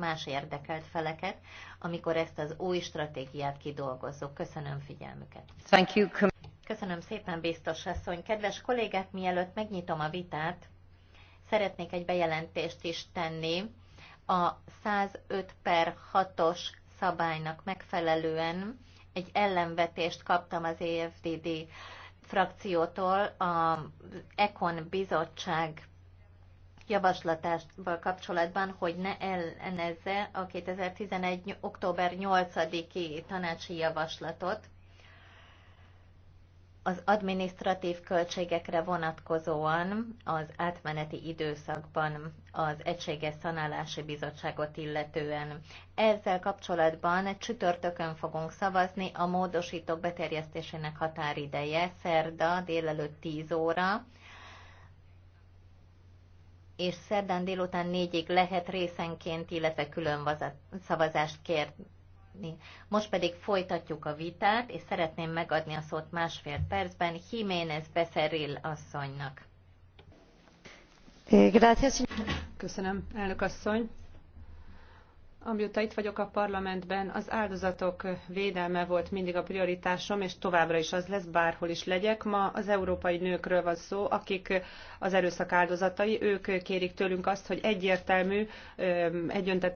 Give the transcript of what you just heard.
más érdekelt feleket, amikor ezt az új stratégiát kidolgozzuk. Köszönöm figyelmüket. Thank you. Köszönöm szépen, biztos asszony. Kedves kollégák, mielőtt megnyitom a vitát, szeretnék egy bejelentést is tenni. A 105 per 6-os szabálynak megfelelően egy ellenvetést kaptam az EFDD frakciótól. A Econ bizottság javaslatával kapcsolatban, hogy ne ellenezze a 2011. október 8-i tanácsi javaslatot az adminisztratív költségekre vonatkozóan az átmeneti időszakban az Egységes Szanálási Bizottságot illetően. Ezzel kapcsolatban csütörtökön fogunk szavazni, a módosítók beterjesztésének határideje szerda délelőtt 10 óra, és szerdán délután négyig lehet részenként, illetve külön szavazást kérni. Most pedig folytatjuk a vitát, és szeretném megadni a szót másfél percben Jiménez Beszeril asszonynak. Eh, Köszönöm, elnök asszony. Amióta itt vagyok a parlamentben, az áldozatok védelme volt mindig a prioritásom, és továbbra is az lesz, bárhol is legyek. Ma az európai nőkről van szó, akik az erőszak áldozatai, ők kérik tőlünk azt, hogy egyértelmű, egyöntető